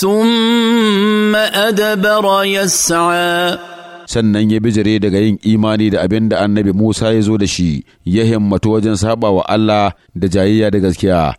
ثم أدبر يسعى sannan ya bijire daga yin imani da abin da annabi Musa ya zo da shi ya himmatu wajen saba wa Allah da jayayya da gaskiya